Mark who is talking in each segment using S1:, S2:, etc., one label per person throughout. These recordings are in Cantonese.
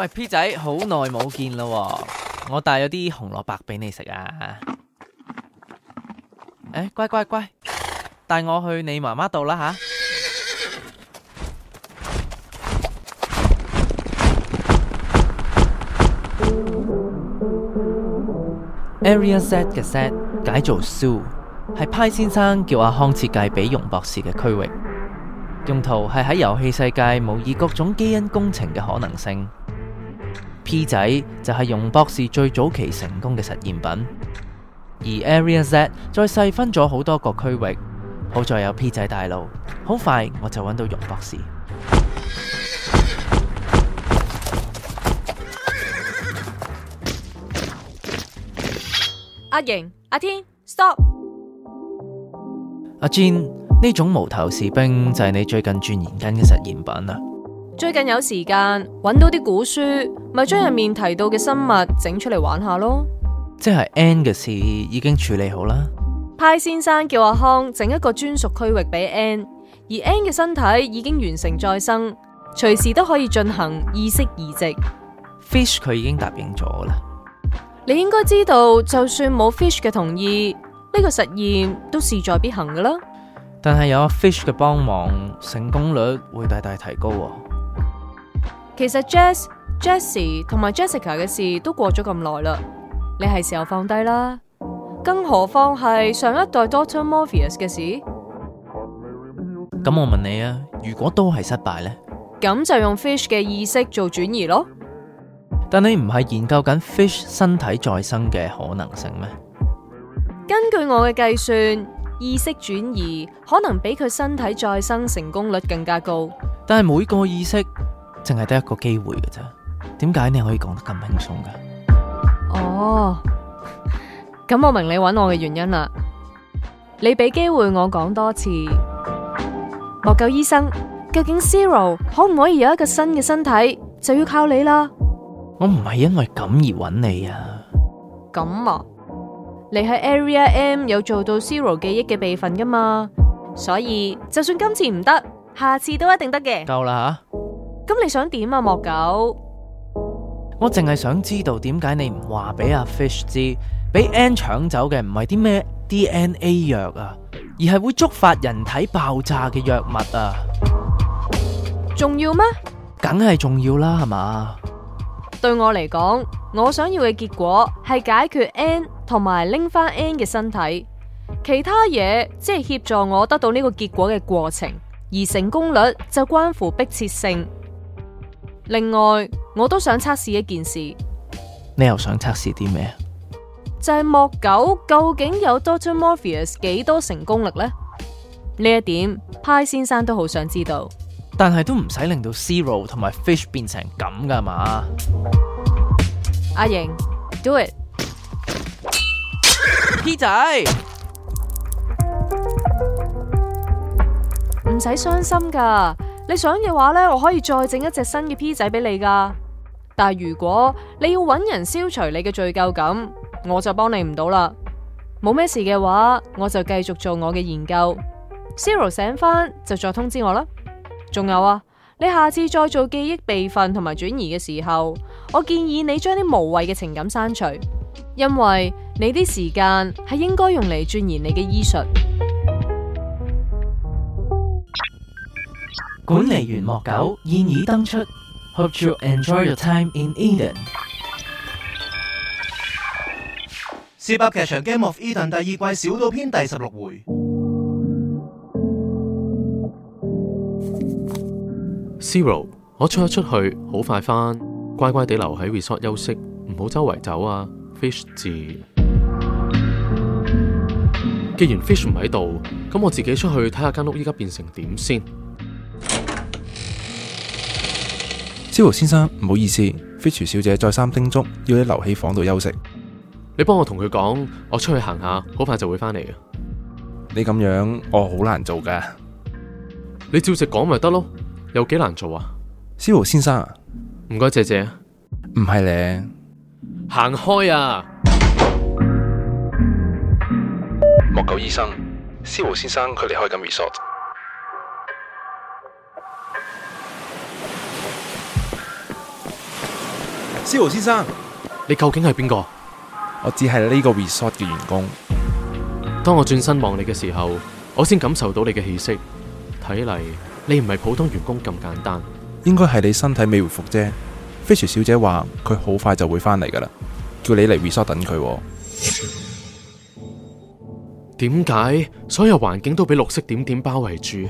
S1: 喂 P 仔，好耐冇見啦喎，我帶咗啲紅蘿蔔俾你食啊！誒、哎，乖乖乖，帶我去你媽媽度啦吓。Area Z 嘅 Z 解做 Zoo，係 π 先生叫阿康設計俾容博士嘅區域，用途係喺遊戲世界模擬各種基因工程嘅可能性。P 仔就係、是、容博士最早期成功嘅實驗品，而 a r e a Z 再細分咗好多個區域，好在有 P 仔帶路，好快我就揾到容博士。
S2: 阿、啊、瑩、阿、啊、天，stop！
S1: 阿 j 呢種無頭士兵就係你最近鑽研緊嘅實驗品啦。
S2: 最近有時間，揾到啲古書，咪將入面提到嘅生物整出嚟玩下咯。
S1: 即係 N 嘅事已經處理好啦。
S2: 派先生叫阿康整一個專屬區域俾 N，而 N 嘅身體已經完成再生，隨時都可以進行意識移植。
S1: Fish 佢已經答應咗啦。
S2: 你應該知道，就算冇 Fish 嘅同意，呢個實驗都勢在必行㗎啦。
S1: 但係有 Fish 嘅幫忙，成功率會大大提高啊、哦！
S2: 其實 Jess, Jesse 同埋 Jessica 嘅事都過咗咁耐啦，你係時候放低啦。更何況係上一代 Doctor Morpheus 嘅事。
S1: 咁、嗯、我問你啊，如果都係失敗呢？
S2: 咁就用 Fish 嘅意識做轉移咯。
S1: 但你唔係研究緊 Fish 身體再生嘅可能性咩？
S2: 根據我嘅計算，意識轉移可能比佢身體再生成功率更加高。
S1: 但係每個意識。淨係得一個機會噶啫點解你可以講得咁輕鬆噶
S2: 哦，咁我明你搵我嘅原因啦。你俾機會我講多次，莫九醫生，究竟 Zero 可唔可以有一個新嘅身體，就要靠你啦。
S1: 我唔係因為咁而搵你啊。
S2: 咁啊，你喺 Area M 有做到 Zero 記憶嘅備份噶嘛？所以就算今次唔得，下次都一定得嘅。夠啦吓。咁你想點啊，莫九？
S1: 我淨係想知道點解你唔話俾阿 Fish 知，俾 N 搶走嘅唔係啲咩 DNA 藥啊，而係會觸發人體爆炸嘅藥物啊？
S2: 重要咩？
S1: 梗係重要啦，係嘛？
S2: 對我嚟講，我想要嘅結果係解決 N 同埋拎翻 N 嘅身體，其他嘢即係協助我得到呢個結果嘅過程，而成功率就關乎迫切性。另外，我都想測試一件事。
S1: 你又想測試啲咩？
S2: 就係莫九究竟有 Dr Morpheus 幾多成功力呢？呢一點，派先生都好想知道。
S1: 但係都唔使令到 Zero 同埋 Fish 變成咁噶嘛？
S2: 阿刑，do it。P 仔，唔使傷心噶。你想嘅話咧，我可以再整一隻新嘅 P 仔俾你噶。但係如果你要搵人消除你嘅罪疚感，我就幫你唔到啦。冇咩事嘅話，我就繼續做我嘅研究。Zero 醒翻就再通知我啦。仲有啊，你下次再做記憶備份同埋轉移嘅時候，我建議你將啲無謂嘅情感刪除，因為你啲時間係應該用嚟鑽研你嘅醫術。
S1: 管理員莫九現已登出，Hope you enjoy your time in Eden。Zip
S3: 噏劇場《Game of
S1: Eden》第二季小島篇第十六回。
S3: Zero，我出一出去，好快返，乖乖地留喺 resort 休息，唔好周圍走啊。Fish 字。既然 Fish 唔喺度，咁我自己出去睇下間屋依家變成點先。
S1: Zero 先生，唔好意思，Fish 小姐再三叮囑，要你留喺房度休息。
S3: 你幫我同佢講，我出去行下，好快就會翻嚟嘅。
S1: 你咁樣，
S3: 我好難做㗎。你照直講咪得咯，有幾難做啊
S1: ？Zero 先生，唔該，謝謝。唔係咧，
S3: 行開啊！莫九醫生，Zero 先生，佢離開緊 resort。Zero 先生，你究竟係邊個？我只係呢個 resort 嘅員工。當我轉身望你嘅時候，我先感受到你嘅氣息。睇嚟你唔係普通員工咁簡單。
S1: 應該係你身體未回復啫。Fish 小姐話佢好快就會翻嚟噶啦，叫你嚟
S3: resort 等佢。點解所有環境都俾綠色點點包圍住？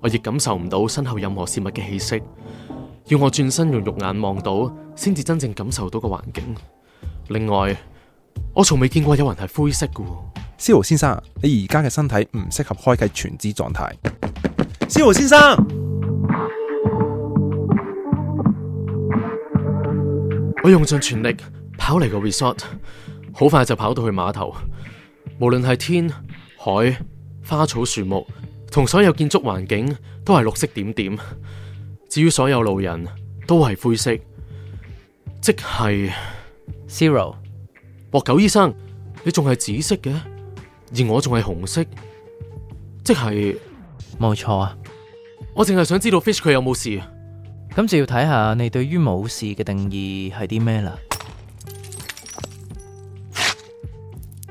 S3: 我亦感受唔到身後任何事物嘅氣息。要我轉身用肉眼望到，先至真正感受到個環境。另外，我從未見過有人係灰色嘅。Zero 先生，你而家嘅身體唔適合開啟全知狀態。Zero 先生，我用盡全力跑嚟個 resort，好快就跑到去碼頭。無論係天、海、花草、樹木同所有建築環境，都係綠色點點。至於所有路人，都係灰色，即係 Zero。莫九醫生，你仲係紫色嘅，而我仲係紅色，
S1: 即係冇錯啊！我淨係想知道 Fish 佢有冇事，咁就要睇下你對於冇事嘅定義係啲咩啦。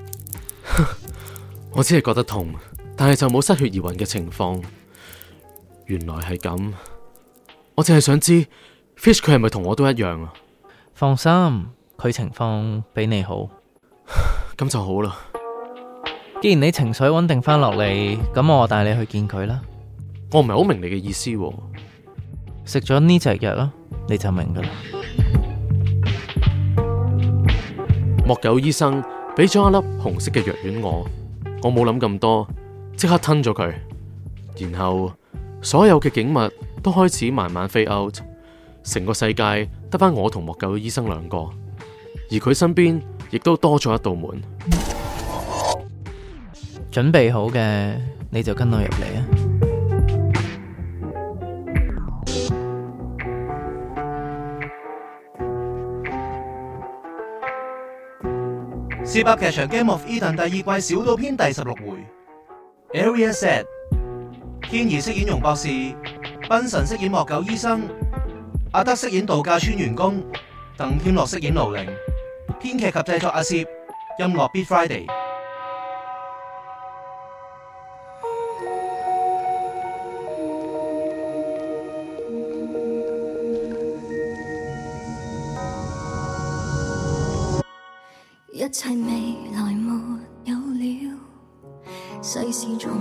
S1: 我只係覺得痛，但係就
S3: 冇失血而暈嘅情況。原來係咁。我淨係想知
S1: ，Fish 佢係咪同我都一樣啊？放心，佢情況比你好。咁就好啦。既然你情緒穩定翻落嚟，咁我帶你去見佢啦。我唔係好明你嘅意思。啊，食咗呢隻藥啦，你就明噶啦。
S3: 莫九醫生俾咗一粒紅色嘅藥丸我，我冇諗咁多，即刻吞咗佢，然後所有嘅景物。都開始慢慢 fade out，成個世界得返我同莫九醫生兩個，而佢身邊
S1: 亦都多咗一道門。嗯、準備好嘅，你就跟我入嚟啊！
S3: 《Zip 噏劇場 Game of Eden》第二季小島篇第十六回。Area Z，天然飾演容博士，斌神飾演莫九醫生，阿德飾演度假村員工，鄧天樂飾演盧零。編劇及製作阿攝，音樂 Be Friday。
S4: 一切未來沒有了，世事從。